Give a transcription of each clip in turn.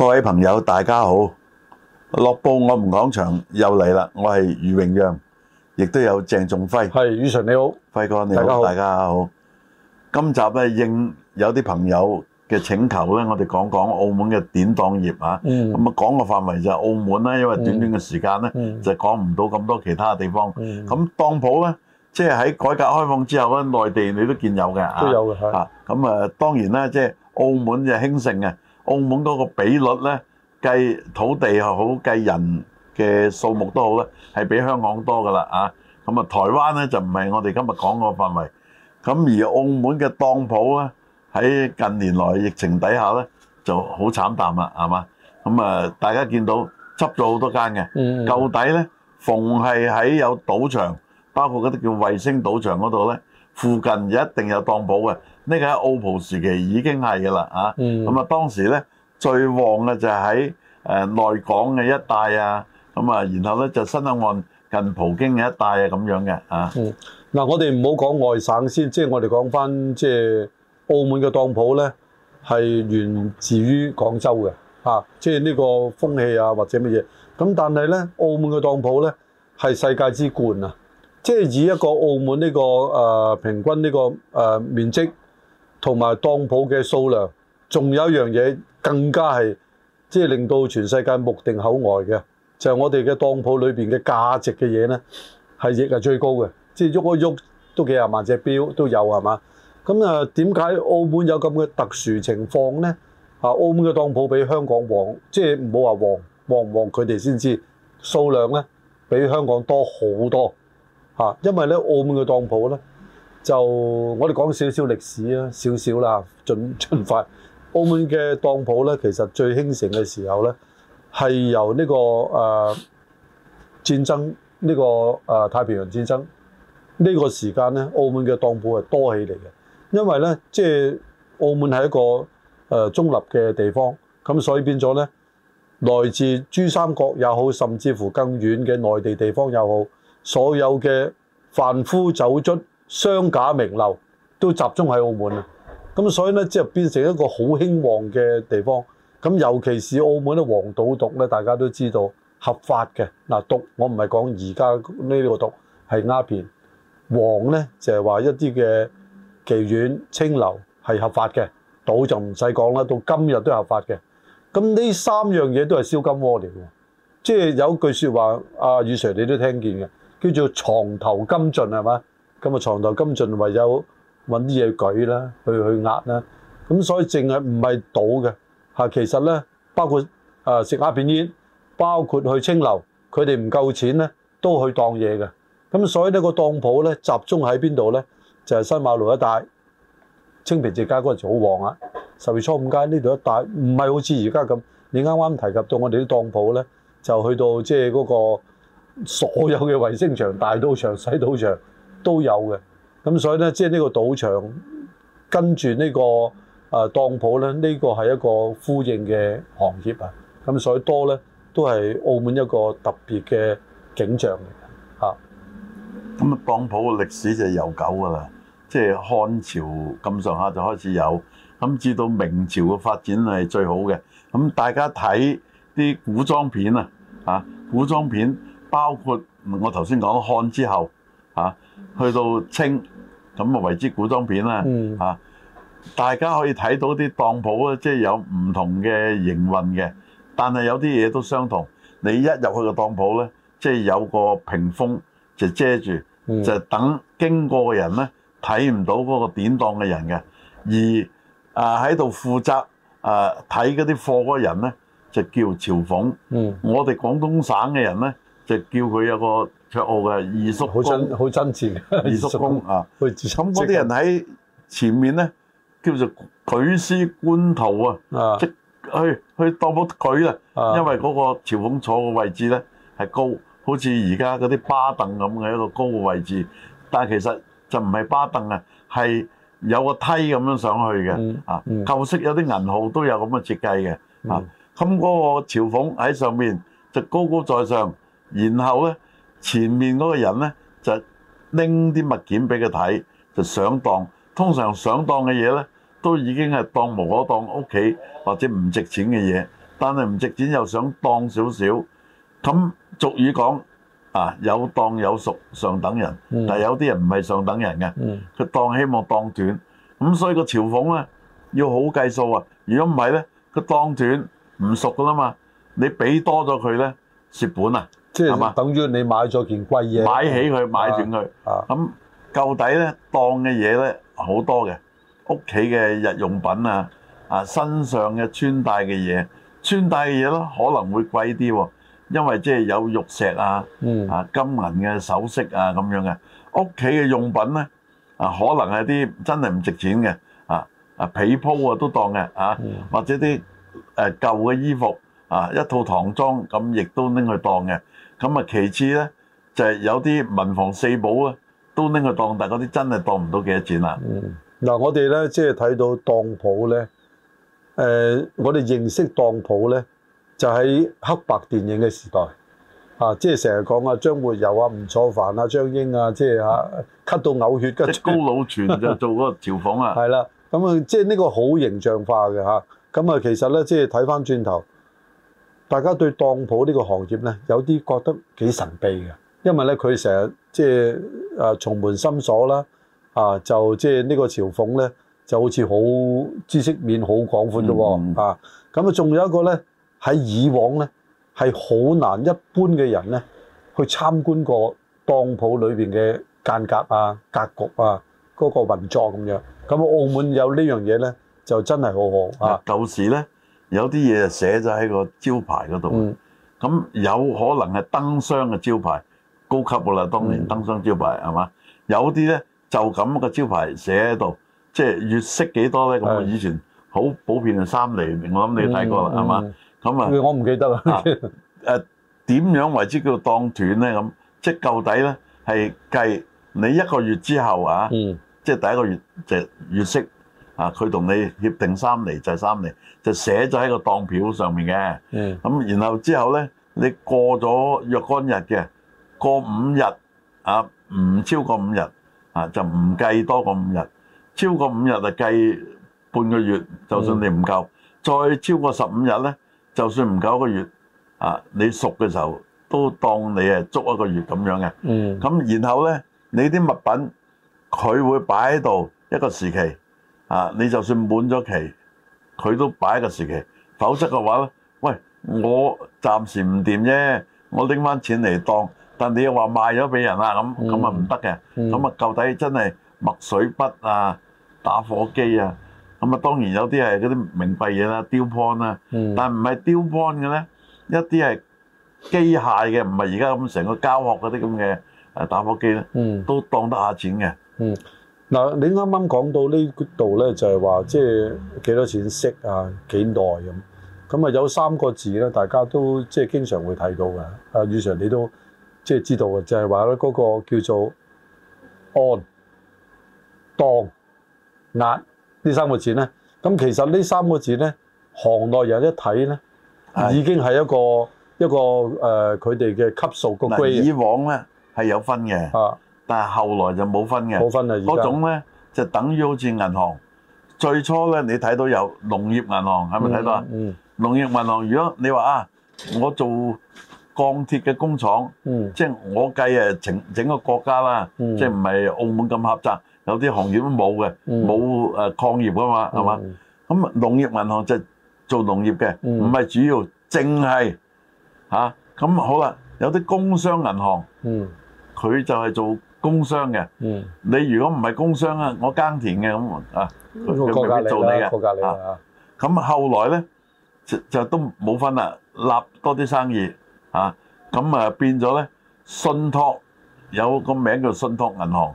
各位朋友，大家好！樂報我們講場又嚟啦，我係余榮讓，亦都有鄭仲輝。係余 Sir 你好，輝哥你好，大家好。今集咧應有啲朋友嘅請求咧，我哋講講澳門嘅典當業啊。嗯。咁啊，講嘅範圍就係澳門啦，因為短短嘅時間咧，就講唔到咁多其他嘅地方。咁當鋪咧，即係喺改革開放之後咧，內地你都見有嘅。都有嘅係。啊，咁啊，當然啦，即係澳門就興盛嘅。澳門嗰個比率咧，計土地又好，計人嘅數目都好咧，係比香港多噶啦啊！咁啊，台灣咧就唔係我哋今日講個範圍。咁而澳門嘅當鋪咧，喺近年來疫情底下咧，就好慘淡啦，係嘛？咁啊，大家見到執咗好多間嘅，到底咧，逢係喺有賭場，包括嗰啲叫衛星賭場嗰度咧，附近就一定有當鋪嘅。呢個喺澳葡時期已經係㗎啦嚇，咁、嗯、啊當時咧最旺嘅就喺誒內港嘅一帶啊，咁啊，然後咧就新口岸近葡京嘅一帶啊咁樣嘅嚇。嗱、啊嗯啊，我哋唔好講外省先，即係我哋講返即係澳門嘅當鋪咧，係源自於廣州嘅嚇、啊，即係呢個風氣啊或者乜嘢。咁但係咧，澳門嘅當鋪咧係世界之冠啊，即係以一個澳門呢、這個誒、呃、平均呢、這個誒、呃、面積。同埋當鋪嘅數量，仲有一樣嘢更加係即係令到全世界目定口呆嘅，就係我哋嘅當鋪裏面嘅價值嘅嘢呢，係亦係最高嘅，即係喐一喐都幾廿萬隻錶都有係嘛？咁啊點解澳門有咁嘅特殊情況呢？啊，澳門嘅當鋪比香港旺，即係唔好話旺旺唔旺，佢哋先知數量呢，比香港多好多，因為呢，澳門嘅當鋪呢。就我哋講少少歷史啊，少少啦，盡盡快。澳門嘅當鋪咧，其實最興盛嘅時候咧，係由呢、呢個誒、呃、戰爭呢、呢個誒、呃、太平洋戰爭呢、呢個時間咧，澳門嘅當鋪係多起嚟嘅，因為咧即係澳門係一個誒、呃、中立嘅地方，咁所以變咗咧來自珠三角也好，甚至乎更遠嘅內地地方又好，所有嘅凡夫走卒。商賈名流都集中喺澳門啊，咁所以咧即係變成一個好興旺嘅地方。咁尤其是澳門咧，黃賭毒咧，大家都知道合法嘅。嗱、啊，毒我唔係講而家呢個毒係鴉片，黃咧就係、是、話一啲嘅妓院、清流係合法嘅，賭就唔使講啦，到今日都係合法嘅。咁呢三樣嘢都係燒金鍋嚟嘅，即係有句説話，阿、啊、雨 sir 你都聽見嘅，叫做牀頭金盡係嘛？咁啊，床頭金盡，唯有揾啲嘢舉啦，去去壓啦。咁所以淨係唔係賭嘅嚇，其實咧，包括誒食鴉片煙，包括去青樓，佢哋唔夠錢咧，都去當嘢嘅。咁所以咧，個當鋪咧集中喺邊度咧？就係新馬路一帶、清平直街嗰陣時好旺啊！十月初五街呢度一帶，唔係好似而家咁。你啱啱提及到我哋啲當鋪咧，就去到即係嗰個所有嘅衞星場、大賭場、細賭場。都有嘅，咁所以呢，即係呢個賭場跟住呢個啊當鋪呢，呢個係一個呼應嘅行業啊。咁所以多呢，都係澳門一個特別嘅景象嚟嘅嚇。咁啊，當鋪嘅歷史就係悠久㗎啦，即係漢朝咁上下就開始有，咁至到明朝嘅發展係最好嘅。咁大家睇啲古裝片啊，嚇，古裝片包括我頭先講漢之後嚇。啊去到清咁啊，為之古裝片啦嚇、嗯啊！大家可以睇到啲當舖啊，即、就、係、是、有唔同嘅營運嘅，但係有啲嘢都相同。你一入去個當舖咧，即、就、係、是、有個屏風就遮住，嗯、就等經過嘅人咧睇唔到嗰個典當嘅人嘅。而啊喺度負責啊睇嗰啲貨嗰人咧，就叫朝奉。嗯、我哋廣東省嘅人咧，就叫佢有個。卓傲嘅二叔公，好真好真摯，二叔公 啊！咁嗰啲人喺前面咧，叫做舉獅觀圖啊，即去去當幫舉啊，因為嗰個朝奉坐嘅位置咧係、啊、高，好似而家嗰啲巴凳咁嘅一個高嘅位置，但係其實就唔係巴凳啊，係有個梯咁樣上去嘅啊。舊式有啲銀號都有咁嘅設計嘅啊。咁、那、嗰個朝奉喺上面就高高在上，然後咧，前面嗰個人咧就拎啲物件俾佢睇，就上當。通常上當嘅嘢咧都已經係當無可當，屋企或者唔值錢嘅嘢。但係唔值錢又想當少少。咁俗語講啊，有當有贖上等人，但係有啲人唔係上等人嘅。佢當希望當斷，咁所以個朝奉咧要好計數啊。如果唔係咧，佢當斷唔贖噶啦嘛。你俾多咗佢咧，蝕本啊！係嘛？等於你買咗件貴嘢，買起佢買斷佢。啊，咁究竟舊底咧，當嘅嘢咧好多嘅，屋企嘅日用品啊，啊身上嘅穿戴嘅嘢，穿戴嘅嘢咧可能會貴啲喎，因為即係有玉石啊，嗯，啊金銀嘅首飾啊咁樣嘅，屋企嘅用品咧，啊可能係啲真係唔值錢嘅，啊啊被鋪啊都當嘅啊，或者啲誒舊嘅衣服啊一套唐裝咁亦都拎去當嘅。咁啊，其次咧就係、是、有啲文房四寶啊，都拎去當，但嗰啲真係當唔到幾多錢啦。嗱，我哋咧即係睇到當鋪咧，誒、呃，我哋認識當鋪咧，就喺、是、黑白電影嘅時代啊，即係成日講啊張活游啊、吳楚帆啊、張瑛啊，即係嚇、啊嗯、咳到嘔血。高魯泉就做個朝奉啊。 係啦，咁啊，即係呢個好形象化嘅嚇。咁啊，其實咧即係睇返轉頭。大家對當鋪呢個行業呢，有啲覺得幾神秘嘅，因為呢，佢成日即係啊，重門深鎖啦，啊就即係呢、呢個嘲諷呢，就好似好知識面好廣闊嘅喎，啊咁、嗯、啊，仲有一個呢，喺以往呢，係好難一般嘅人呢去參觀過當鋪裏面嘅間隔啊、格局啊嗰、嗰個運作咁樣，咁、啊、澳門有呢樣嘢呢，就真係好好啊，舊時呢。有啲嘢就寫咗喺個招牌嗰度，咁有可能係燈箱嘅招牌，高級嘅啦。當年燈箱招牌係嘛？有啲咧就咁個招牌寫喺度，即係月息幾多咧？咁啊，以前好普遍係三厘，我諗你睇過啦，係嘛？咁啊，我唔記得啦。誒點樣為之叫當斷咧？咁即係夠底咧，係計你一個月之後啊，即係第一個月就月息。啊！佢同你協定三釐就係三釐，就寫咗喺個當票上面嘅。嗯，咁然後之後咧，你過咗若干日嘅，過五日啊，唔超過五日啊，就唔計多過五日。超過五日就計半個月，就算你唔夠，再超過十五日咧，就算唔夠一個月啊，你贖嘅時候都當你係足一個月咁樣嘅。嗯，咁然後咧，你啲物品佢會擺喺度一個時期。啊！你就算滿咗期，佢都擺一個時期，否則嘅話咧，喂，我暫時唔掂啫，我拎翻錢嚟當，但你又話賣咗俾人啦，咁咁啊唔得嘅，咁啊，究、嗯嗯、底真係墨水筆啊、打火機啊，咁啊當然有啲係嗰啲名貴嘢啦、雕盤啦，嗯、但唔係雕盤嘅咧，一啲係機械嘅，唔係而家咁成個膠殼嗰啲咁嘅誒打火機咧，嗯、都當得下錢嘅。嗯嗯嗱，你啱啱講到呢度咧，就係話即係幾多錢息啊，幾耐咁。咁啊有三個字咧，大家都即係經常會睇到嘅。阿余 Sir，你都即係知道嘅，就係話咧嗰個叫做按當押呢三個字咧。咁其實呢三個字咧，行內人一睇咧，已經係一個一個誒佢哋嘅級數個規。嗱，以往咧係有分嘅。但係後來就冇分嘅，冇分啊！嗰種咧就等於好似銀行。最初咧，你睇到有農業銀行，係咪睇到啊？農業銀行，如果你話啊，我做鋼鐵嘅工廠，即係我計誒整整個國家啦，即係唔係澳門咁狹窄，有啲行業都冇嘅，冇誒礦業㗎嘛，係嘛？咁農業銀行就做農業嘅，唔係主要，淨係嚇，咁好啦。有啲工商銀行，佢就係做。工商嘅，你如果唔係工商啊，我耕田嘅咁啊，佢未必做你嘅。咁後來咧就就都冇分啦，立多啲生意啊，咁啊變咗咧，信託有個名叫信託銀行，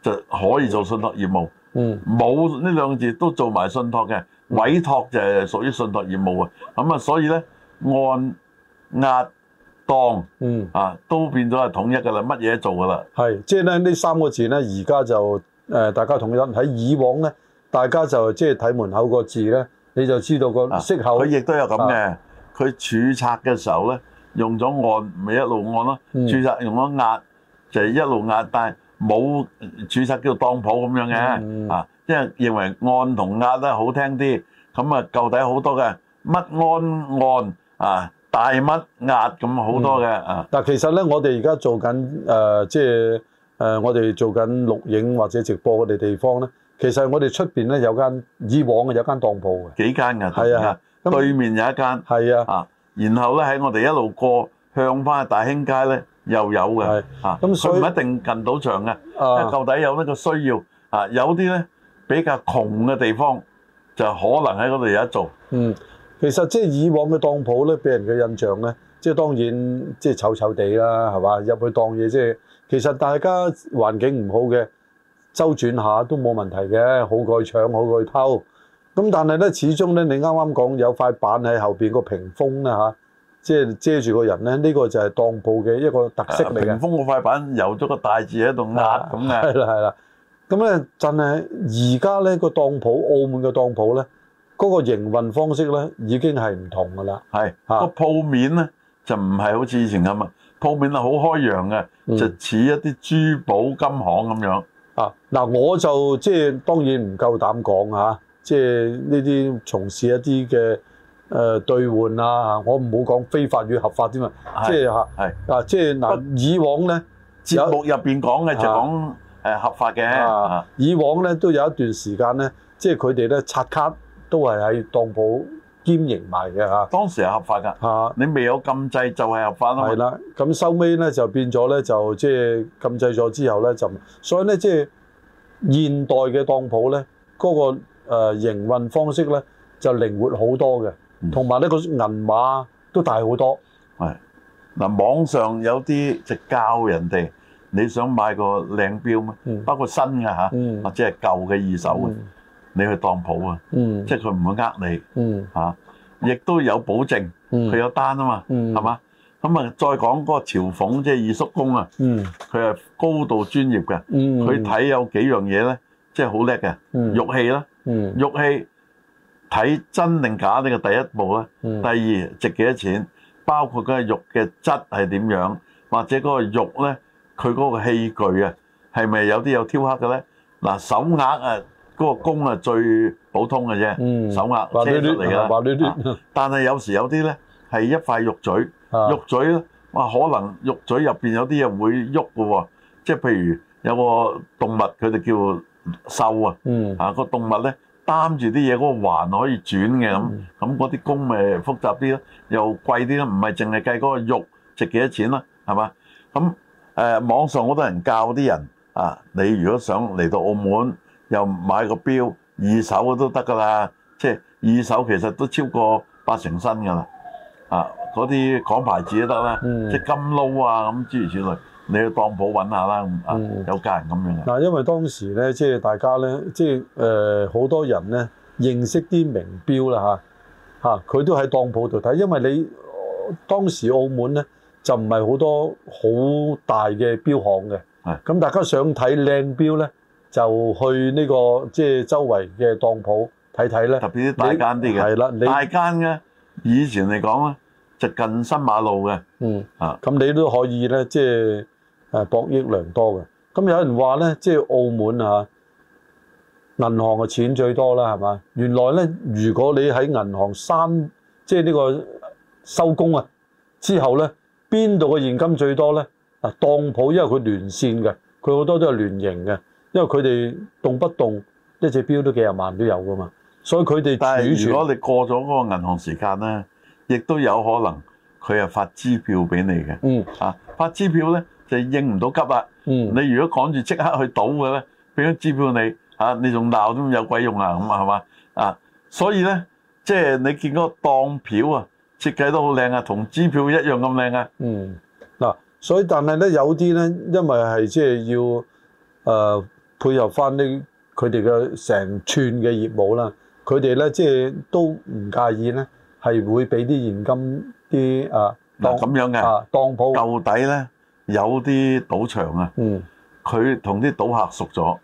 就可以做信託業務。嗯，冇呢兩個字都做埋信託嘅，委託就係屬於信託業務嘅。咁啊，所以咧按押。當嗯啊都變咗係統一㗎啦，乜嘢都做㗎啦。係即係咧呢三個字咧，而家就誒、呃、大家統一喺以往咧，大家就即係睇門口個字咧，你就知道個息口。佢亦、啊、都有咁嘅，佢註冊嘅時候咧，用咗按咪一路按咯，註冊、嗯、用咗壓就係、是、一路壓，但係冇註冊叫做當舖咁樣嘅、嗯、啊，因為認為按同壓咧好聽啲，咁啊舊底好多嘅乜安按啊。大乜壓咁好多嘅啊！嗯、但其實咧，我哋而家做緊誒，即係誒，我哋做緊錄影或者直播啲地方咧。其實我哋出面咧有間，以往嘅有間當鋪嘅，幾間嘅，係啊，對面有一間，係啊，啊然後咧喺我哋一路過向翻大興街咧又有嘅，啊，咁所以唔一定近到場嘅，啊、到底有呢個需要啊？有啲咧比較窮嘅地方就可能喺嗰度有得做，嗯。其實即係以往嘅當鋪咧，俾人嘅印象咧，即係當然即係醜醜地啦，係嘛？入去當嘢即係其實大家環境唔好嘅，周轉下都冇問題嘅，好過去搶，好過去偷。咁但係咧，始終咧，你啱啱講有塊板喺後邊個屏風啦嚇、啊，即係遮住個人咧，呢、這個就係當鋪嘅一個特色嚟嘅。屏風嗰塊板有咗個大字喺度壓咁啊，係啦係啦。咁咧、啊，真係而家咧個當鋪澳門嘅當鋪咧。嗰個營運方式咧已經係唔同㗎啦，係個鋪面咧就唔係好似以前咁啊，鋪面係好開揚嘅，就似一啲珠寶金行咁樣啊。嗱我就即係當然唔夠膽講嚇，即係呢啲從事一啲嘅誒兌換啊，我唔好講非法與合法添嘛，即係嚇，係啊，即係嗱，以往咧節目入邊講嘅就講誒合法嘅，以往咧都有一段時間咧，即係佢哋咧刷卡。都係喺當鋪兼營賣嘅嚇，當時係合法㗎，嚇，你未有禁制就係合法咯。係啦，咁收尾咧就變咗咧就即係禁制咗之後咧就，所以咧即係現代嘅當鋪咧嗰個誒營運方式咧就靈活好多嘅，同埋咧個銀碼都大好多。係嗱，網上有啲就教人哋，你想買個靚錶咩？包括新嘅嚇，或者係舊嘅二手嘅。你去當舖啊，即係佢唔會呃你，嚇，亦都有保證，佢、嗯、有單啊嘛，係嘛、嗯？咁啊，再講嗰個朝奉，即、就、係、是、二叔公啊，佢係、嗯、高度專業嘅，佢睇、嗯嗯、有幾樣嘢咧，即係好叻嘅。玉器咧，玉器睇真定假呢個第一步咧，嗯、第二值幾多錢，包括嗰個玉嘅質係點樣，或者嗰個玉咧，佢嗰個器具啊，係咪有啲有雕刻嘅咧？嗱、啊，手鐲啊～嗰個弓啊最普通嘅啫，手壓車落嚟啦。但係有時有啲咧係一塊玉嘴，玉嘴啊，可能玉嘴入邊有啲嘢會喐嘅喎。即係譬如有個動物，佢哋叫獸啊。啊，個動物咧擔住啲嘢，嗰個環可以轉嘅咁。咁嗰啲弓咪複雜啲咯，又貴啲咯。唔係淨係計嗰個玉值幾多錢咯，係嘛？咁誒，網上好多人教啲人啊，你如果想嚟到澳門。又買個表，二手嘅都得㗎啦，即係二手其實都超過八成新㗎啦，啊，嗰啲港牌子都得啦，嗯、即係金勞啊咁諸如此類，你去當鋪揾下啦，啊、嗯，有家人咁樣嘅。嗱，因為當時咧，即係大家咧，即係誒好多人咧認識啲名表啦嚇嚇，佢都喺當鋪度睇，因為你當時澳門咧就唔係好多好大嘅表行嘅，咁大家想睇靚表咧，就去呢個即係周圍嘅當鋪睇睇咧，特別啲大間啲嘅，係啦，大間嘅以前嚟講咧，就近新馬路嘅，嗯啊，咁你都可以咧，即係獲益良多嘅。咁有人話咧，即係澳門啊，銀行嘅錢最多啦，係嘛？原來咧，如果你喺銀行三即係呢個收工啊之後咧，邊度嘅現金最多咧？嗱，當鋪因為佢聯線嘅，佢好多都係聯營嘅。因為佢哋動不動一隻表都幾廿萬都有噶嘛，所以佢哋但係如果你過咗嗰個銀行時間咧，亦都有可能佢係發支票俾你嘅。嗯、啊，發支票咧就應唔到急啊。嗯，你如果趕住即刻去賭嘅咧，俾支票你，啊、你仲鬧都有鬼用啊，咁啊係嘛，啊，所以咧即係你見嗰個當票啊，設計得好靚啊，同支票一樣咁靚啊。嗯，嗱、啊，所以但係咧有啲咧，因為係即係要誒。呃配合翻啲佢哋嘅成串嘅業務啦，佢哋咧即係都唔介意咧，係會俾啲現金啲啊嗱咁樣嘅、啊、當鋪、鋪。舊底咧有啲賭場啊，佢同啲賭客熟咗，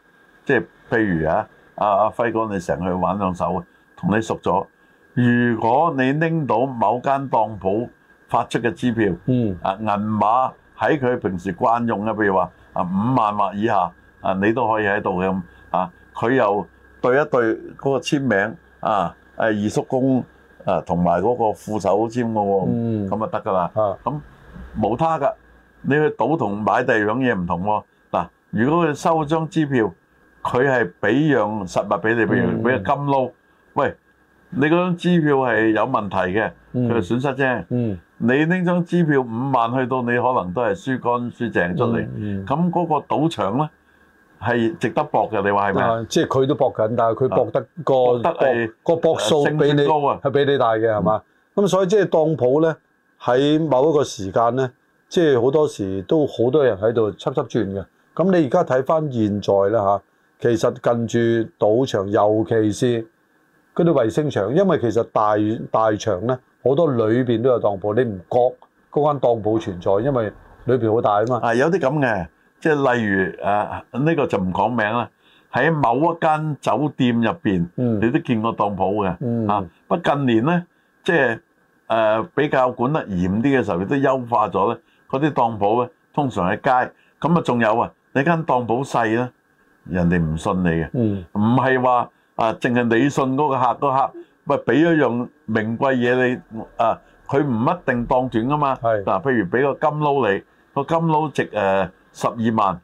即係譬如啊，阿、啊、輝哥你成日去玩兩手啊，同你熟咗。如果你拎到某間當鋪發出嘅支票，嗯啊銀碼喺佢平時慣用嘅，譬如話啊五萬或以下。啊！你都可以喺度嘅咁啊！佢又對一對嗰個簽名啊，誒二叔公啊，同埋嗰個副手簽嘅咁、嗯、就得㗎啦。咁冇的他㗎，你去賭同買第二樣嘢唔同喎。嗱、啊，如果佢收一張支票，佢係俾樣實物俾你，俾樣俾個金撈。嗯、喂，你嗰張支票係有問題嘅，佢係、嗯、損失啫。嗯、你呢張支票五萬去到你，你可能都係輸乾輸淨出嚟。咁嗰、嗯嗯、個賭場咧？係值得搏嘅，你話係咪啊？即係佢都搏緊，但係佢搏得個個搏數比你係比你大嘅係嘛？咁所以即係當鋪咧，喺某一個時間咧，即係好多時都好多人喺度測測轉嘅。咁你而家睇返現在咧吓，其實近住賭場，尤其是嗰啲衞星場，因為其實大大場咧好多裏邊都有當鋪，你唔覺嗰間當鋪存在，因為裏邊好大啊嘛。係有啲咁嘅。即係例如誒呢個就唔講名啦。喺某一間酒店入邊，你都見過當鋪嘅啊。不過近年咧，即係誒比較管得嚴啲嘅時候，亦都優化咗咧。嗰啲當鋪咧，通常喺街咁啊，仲有啊，你間當鋪細咧，人哋唔信你嘅，唔係話啊，淨係你信嗰個客個客，咪俾咗樣名貴嘢你啊，佢唔一定當斷噶嘛。係。嗱，譬如俾個金撈你個金撈值誒。十二萬，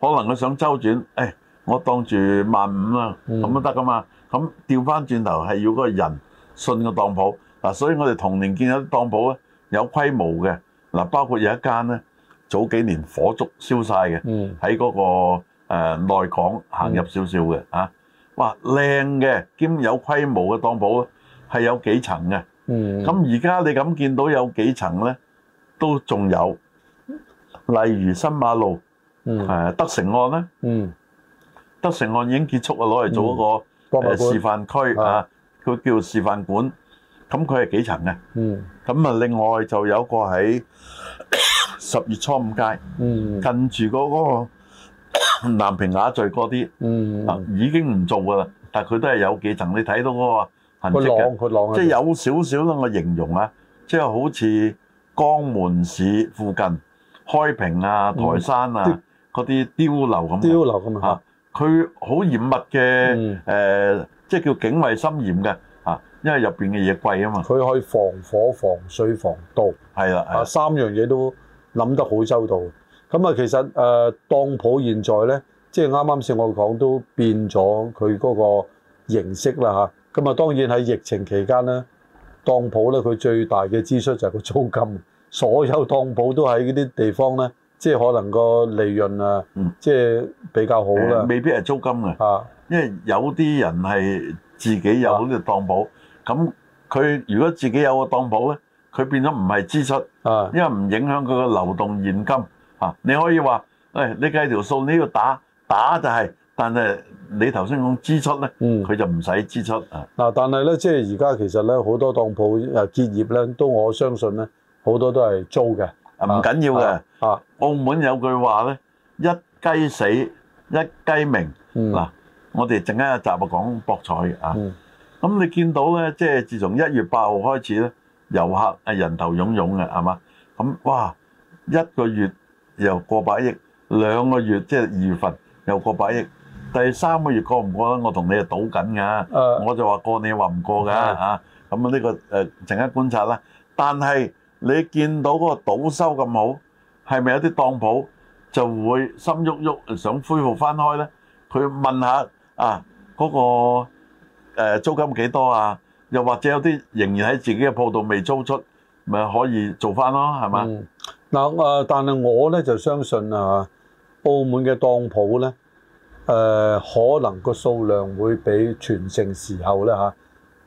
可能佢想周轉，誒，我當住萬五啊，咁都得噶嘛？咁調翻轉頭係要嗰個人信個當鋪嗱，所以我哋同年見到啲當鋪咧有規模嘅嗱，包括有一間咧早幾年火燭燒曬嘅，喺嗰個誒內港行入少少嘅啊，哇靚嘅兼有規模嘅當鋪，咧係有幾層嘅，咁而家你咁見到有幾層咧，都仲有。例如新馬路，係啊，德成按咧，德成按已經結束啊，攞嚟做一個誒示範區啊，佢叫示範館，咁佢係幾層嘅？咁啊，另外就有個喺十月初五街，近住嗰嗰個南屏雅敘嗰啲，已經唔做噶啦，但係佢都係有幾層，你睇到嗰個痕跡嘅，即係有少少咁嘅形容啊，即係好似江門市附近，開平啊、台山啊，嗰啲碉樓咁碉樓咁啊，佢好嚴密嘅、嗯呃、即係叫警衛森嚴嘅、啊、因為入邊嘅嘢貴啊嘛。佢可以防火、防水、防盜，係啦、啊，三樣嘢都諗得好周到。咁啊，其實誒當鋪現在咧，即係啱啱先我講都變咗佢嗰個形式啦。咁啊、啊，當然喺疫情期間咧，當鋪咧佢最大嘅支出就係個租金。所有當鋪都喺嗰啲地方咧，即係可能個利潤啊，即係比較好啦、嗯嗯。未必係租金嘅，啊，因為有啲人係自己有呢個當鋪，咁佢、啊、如果自己有個當鋪咧，佢變咗唔係支出，啊，因為唔影響佢嘅流動現金，啊，你可以話，誒、哎，你計條數你要打打就係、是，但係你頭先講支出咧，嗯、啊，佢就唔使支出啊。嗱，但係咧，即係而家其實咧，好多當鋪啊結業咧，都我相信咧。好多都係租嘅，唔緊要嘅。啊，澳門有句話咧，一雞死一雞鳴。嗱，我哋陣間一集啊講博彩嘅啊。咁你見到咧，即係自從一月八號開始咧，遊客係人頭湧湧嘅，係嘛？咁哇，一個月又過百億，兩個月即係二月份又過百億，第三個月過唔過咧？我同你啊，賭緊㗎。我就話過，你話唔過㗎嚇。咁啊，呢個誒陣間觀察啦。但係，你見到嗰個賭收咁好，係咪有啲當鋪就會心喐喐想恢復翻開咧？佢問下啊，嗰個誒租金幾多啊？又或者有啲仍然喺自己嘅鋪度未租出，咪可以做翻咯？係咪？嗱誒，但係我咧就相信啊，澳門嘅當鋪咧誒，可能個數量會比全盛時候咧嚇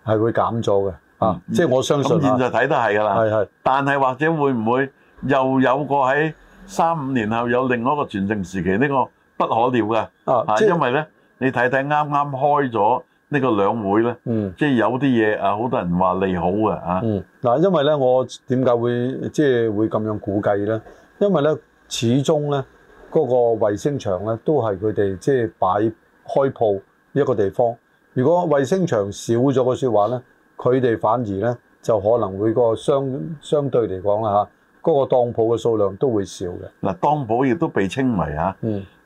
係會減咗嘅。啊！即係我相信咁、啊，現在睇都係㗎啦。係係是，但係或者會唔會又有個喺三五年後有另外一個全盛時期？呢、呢個不可料㗎、嗯。啊，因為咧，你睇睇啱啱開咗呢個兩會咧，即係有啲嘢啊，好多人話利好嘅啊。嗱，因為咧，我點解會即係、即係、會咁樣估計咧？因為咧，始終咧嗰、嗰個衞星場咧都係佢哋即係擺開鋪一個地方。如果衞星場少咗嘅説話咧？佢哋反而咧，就可能會個相相對嚟講啦吓，嗰個當鋪嘅數量都會少嘅。嗱，當鋪亦都被稱為嚇，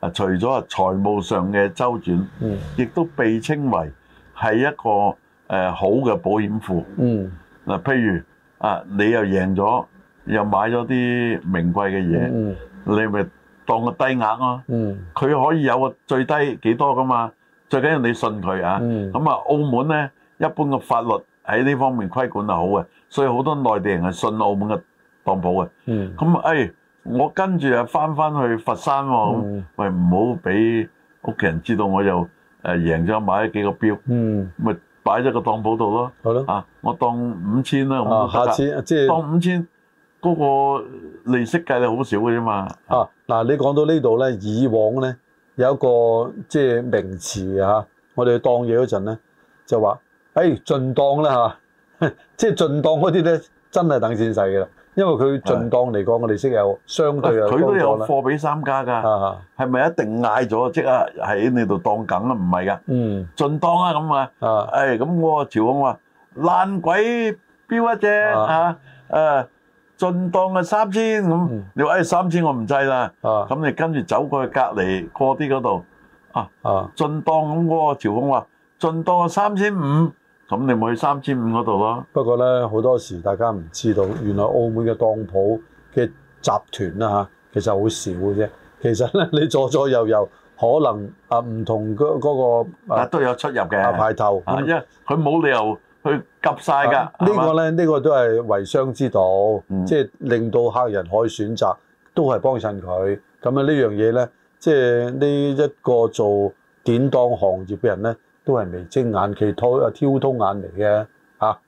啊，除咗啊財務上嘅週轉，嗯，亦都被稱為係一個誒好嘅保險庫，嗯，嗱，譬如啊，你又贏咗，又買咗啲名貴嘅嘢，你咪當個低額咯，嗯，佢可以有個最低幾多㗎嘛，最緊要你信佢啊，咁啊，澳門咧一般嘅法律，喺呢方面規管就好嘅，所以好多內地人係信澳門嘅當舖嘅。嗯。咁誒、哎，我跟住啊，翻翻去佛山喎、哦。咪唔好俾屋企人知道我就，我又誒贏咗買咗幾個標。嗯。咪擺咗個當舖度咯。係咯。啊，我當五千啦。啊，下次即係。當五千嗰個利息計得好少嘅啫嘛。啊，嗱，你講到呢度咧，以往咧有一個即係名詞啊，我哋當嘢嗰陣咧就話。哎，進檔啦即係進檔嗰啲咧，真係等錢使嘅啦。因為佢進檔嚟講，我哋識有相對有佢、哎、都有貨比三家㗎，係咪、啊、一定嗌咗即係喺你度當梗、嗯、啊？唔係㗎，嗯，進檔啊咁啊，誒咁、啊哎、個朝奉話爛鬼錶一隻嚇，誒進檔啊三千咁，你話三千我唔制啦，咁你跟住走過去隔離過啲嗰度啊，進檔咁個朝奉話進檔三千五。盡咁你咪去三千五嗰度咯。不過咧，好多時大家唔知道，原來澳門嘅當鋪嘅集團啦吓，其實好少嘅啫。其實咧，你左左右右，可能啊唔同嗰、嗰、嗰個，嗰個、啊，啊都有出入嘅、啊、派頭。啊、因為佢冇理由去急晒㗎。啊、嗎個呢個咧，呢、呢個都係為商之道，嗯、即係令到客人可以選擇，都係幫襯佢。咁啊呢樣嘢咧，即係呢一個做典當行業嘅人咧。都係微精眼，其拖啊挑通眼嚟嘅嚇。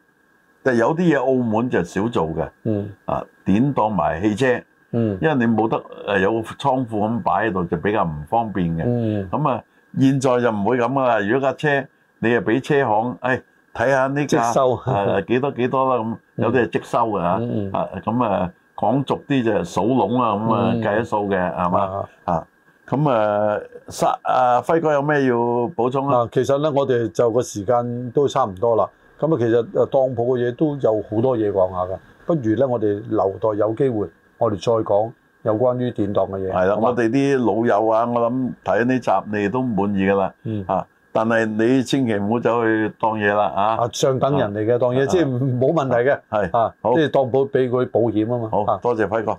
但係有啲嘢澳門就少做嘅。嗯。啊，典當埋汽車。嗯。因為你冇得有個倉庫咁擺喺度，就比較唔方便嘅。嗯。咁啊，現在就唔會咁噶啦。如果架車，你係俾車行，誒睇下呢架誒幾多幾多啦咁，有啲係即收嘅嚇。啊咁啊，講俗啲就係數籠啊咁啊計一數嘅係嘛啊。吧咁誒，沙輝哥有咩要補充啊？其實咧，我哋就個時間都差唔多啦。咁啊，其實誒當鋪嘅嘢都有好多嘢講下噶。不如咧，我哋留待有機會，我哋再講有關於典當嘅嘢。係啦，我哋啲老友啊，我諗睇呢集你都滿意噶啦。嗯。嚇！但係你千祈唔好走去當嘢啦，啊，上等人嚟嘅當嘢，即係冇問題嘅。係。啊，即係當鋪俾佢保險啊嘛。好多謝輝哥。